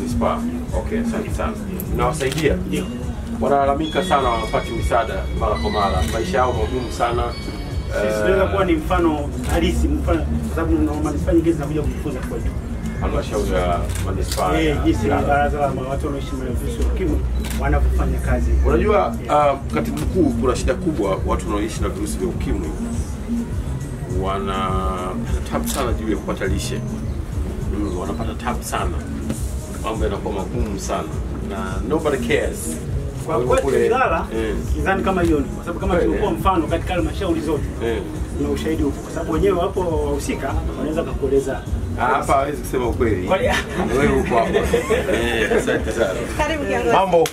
manispaa. Okay, asante sana. Nawasaidia wanalalamika sana, wanapati misaada mara kwa mara, maisha yao magumu sana. Sinaweza kuwa ni mfano halisi, mfano kwa sababu na manispaa nyingine zinakuja kujifunza kwetu halmashauri ya manispaa eh, jinsi baraza la watu wanaoishi maofisi ukimwi wanavyofanya kazi. Unajua uh, katibu mkuu, kuna shida kubwa watu wanaoishi na virusi vya ukimwi wana tabu sana juu ya kupata lishe mm, wanapata tabu sana mambo yanakuwa magumu sana na nobody cares. Kwa kwetu Ilala eh. sidhani kama hiyo ni kwa sababu kama eh, tulikuwa eh. mfano katika halmashauri zote na ushahidi huko kwa sababu wenyewe wapo wahusika wanaweza kukueleza hapa hawezi kusema ukweli. Wewe uko hapo. Eh, asante sana. Karibu kiongozi. Mambo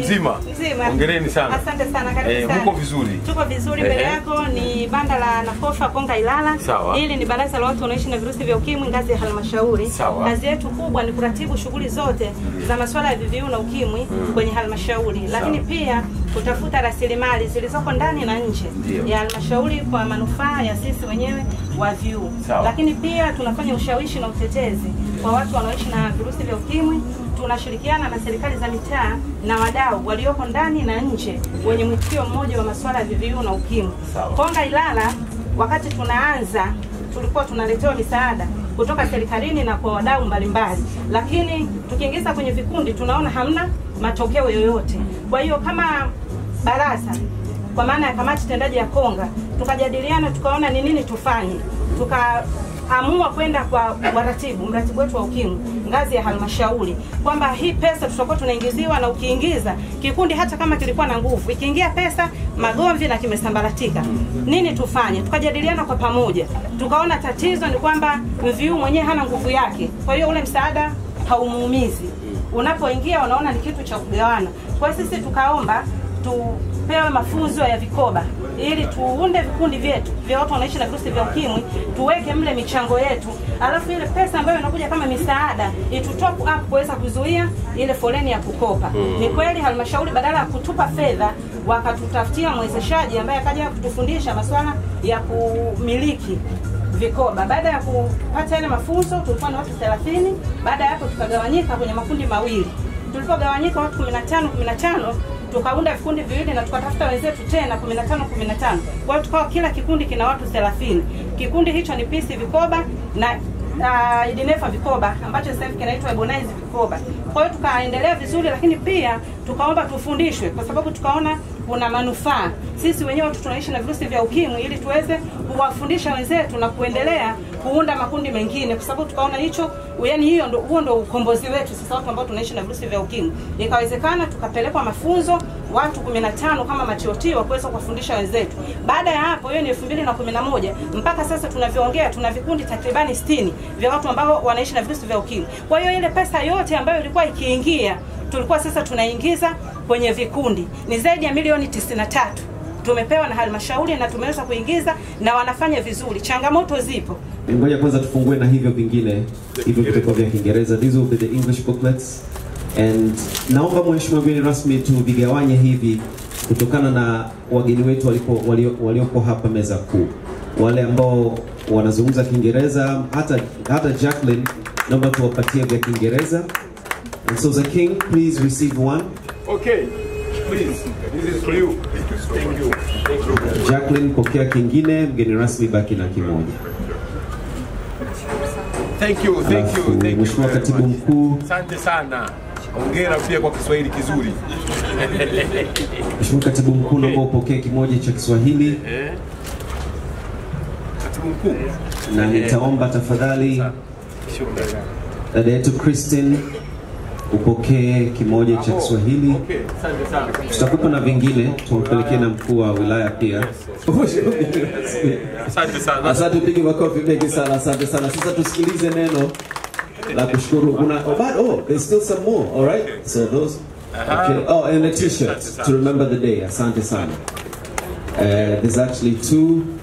mzima. Mzima. Hongereni sana. Asante sana. Karibu eh, sana. vizuri. Tuko vizuri mbele eh. yako ni banda la Nakofa Konga Ilala. Sawa. Hili ni baraza la watu wanaishi na virusi vya ukimwi ngazi ya halmashauri. Sawa. Kazi yetu kubwa ni kuratibu shughuli zote mm. za masuala ya VVU na ukimwi mm. kwenye halmashauri. Lakini pia kutafuta rasilimali zilizoko ndani na nje ya halmashauri kwa manufaa ya sisi wenyewe wa VVU. Lakini pia tunafanya ushawishi ushawishi na utetezi kwa watu wanaoishi na virusi vya ukimwi. Tunashirikiana na serikali za mitaa na wadau walioko ndani na nje wenye mwitikio mmoja wa masuala ya VVU na ukimwi. Konga Ilala, wakati tunaanza tulikuwa tunaletewa misaada kutoka serikalini na kwa wadau mbalimbali, lakini tukiingiza kwenye vikundi tunaona hamna matokeo yoyote. Kwa hiyo kama baraza, kwa maana ya kamati tendaji ya Konga, tukajadiliana tukaona ni nini tufanye, tuka amua kwenda kwa waratibu, mratibu wetu wa UKIMWI ngazi ya halmashauri, kwamba hii pesa tutakuwa tunaingiziwa, na ukiingiza kikundi hata kama kilikuwa na nguvu, ikiingia pesa magomvi na kimesambaratika, nini tufanye? Tukajadiliana kwa pamoja, tukaona tatizo ni kwamba mviu mwenyewe hana nguvu yake, kwa hiyo ule msaada haumuumizi. Unapoingia unaona ni kitu cha kugawana. Kwa hiyo sisi tukaomba tupewe mafunzo ya vikoba ili tuunde vikundi vyetu vya watu wanaishi na virusi vya ukimwi, tuweke mle michango yetu, alafu ile pesa ambayo inakuja kama misaada itu up kuweza kuzuia ile foleni ya kukopa. Hmm. Ni kweli halmashauri badala ya kutupa fedha wakatutafutia mwezeshaji ambaye akaja kutufundisha masuala ya kumiliki vikoba. Baada ya kupata ile mafunzo tulikuwa na watu 30. Baada ya hapo tukagawanyika kwenye makundi mawili. Tulipogawanyika watu 15 15 tukaunda vikundi viwili na tukatafuta wenzetu tena 15 15. Kwa hiyo tukawa kila kikundi kina watu 30. Kikundi hicho ni PC Vikoba na uh, Idinefa Vikoba ambacho sasa hivi kinaitwa Ebonize Vikoba. Kwa hiyo tukaendelea vizuri, lakini pia tukaomba tufundishwe, kwa sababu tukaona kuna manufaa sisi wenyewe tunaishi na virusi vya ukimwi, ili tuweze kuwafundisha wenzetu na kuendelea kuunda makundi mengine, kwa sababu tukaona hicho, yani hiyo ndo, huo ndo ukombozi wetu sasa, watu ambao tunaishi na virusi vya ukimwi. Ikawezekana tukapelekwa mafunzo watu 15 kama matioti wa kuweza kuwafundisha wenzetu. Baada ya hapo, hiyo ni 2011 mpaka sasa tunavyoongea, tuna vikundi takribani 60 vya watu ambao wanaishi na virusi vya ukimwi. Kwa hiyo ile pesa yote ambayo ilikuwa ikiingia, tulikuwa sasa tunaingiza kwenye vikundi, ni zaidi ya milioni 93 tumepewa na halmashauri na tumeweza kuingiza na wanafanya vizuri. Changamoto zipo, ngoja kwanza tufungue na hivyo vingine hivyo vitakuwa vya Kiingereza. These will be the English booklets and naomba mheshimiwa mgeni rasmi tuvigawanye hivi kutokana na wageni wetu walipo, walioko hapa meza kuu, wale ambao wanazungumza Kiingereza, hata hata Jacqueline, naomba tuwapatie vya Kiingereza. And so the king, please receive one. Okay. Please. This is for you. Thank you. Thank you. Jacqueline, pokea kingine, mgeni rasmi baki na kimoja. Thank you, thank you, thank you. Mheshimiwa Katibu Mkuu. Asante sana. Hongera pia kwa Kiswahili kizuri. Mheshimiwa Katibu Mkuu, naomba upokee kimoja cha Kiswahili. Eh? Katibu Mkuu. Na nitaomba tafadhali dada yetu Christine upokee kimoja cha Kiswahili, tutakupa na vingine tumpelekee na mkuu wa wilaya pia. Asante, sana, asante. pige makofi mengi sana, asante sana. Sasa tusikilize neno la kushukuru. Kuna oh, but, oh, there's still some more, all right? So those, uh-huh. okay. Oh, and a t-shirt to remember the day. Asante sana. Uh, there's actually two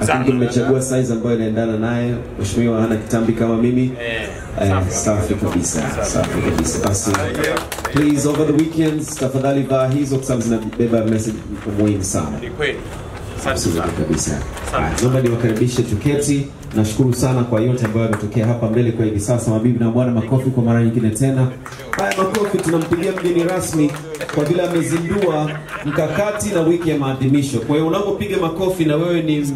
lakini nimechagua size ambayo inaendana naye. Mheshimiwa hana kitambi kama mimi. Eh, eh safi kabisa, safi kabisa. Basi ah, please over the weekends tafadhali vaa hizo kwa sababu zinabeba message muhimu sana. Ni kweli vizuri kabisa. Ah, naomba niwakaribishe tuketi. Nashukuru sana kwa yote ambayo ametokea hapa mbele kwa hivi sasa. Mabibi na bwana, makofi kwa mara nyingine tena. Haya makofi tunampigia mgeni rasmi kwa vile amezindua mkakati na wiki ya maadhimisho. Kwa hiyo unapopiga makofi na wewe ni,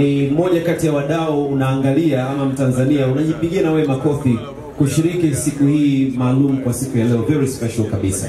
ni mmoja kati ya wadau unaangalia ama Mtanzania, unajipigia na wewe makofi kushiriki siku hii maalum kwa siku ya leo, very special kabisa.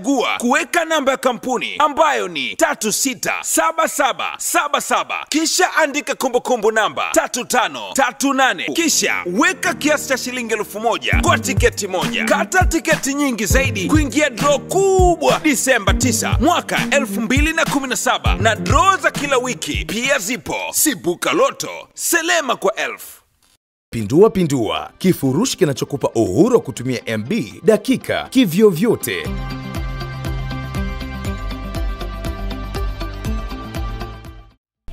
chagua kuweka namba ya kampuni ambayo ni 367777 kisha andika kumbukumbu namba 3538 kisha weka kiasi cha shilingi elfu moja kwa tiketi moja kata tiketi nyingi zaidi kuingia dro kubwa disemba 9 mwaka 2017 na, na dro za kila wiki pia zipo sibuka loto selema kwa elfu Pindua pindua, kifurushi kinachokupa uhuru wa kutumia MB dakika kivyovyote vyote.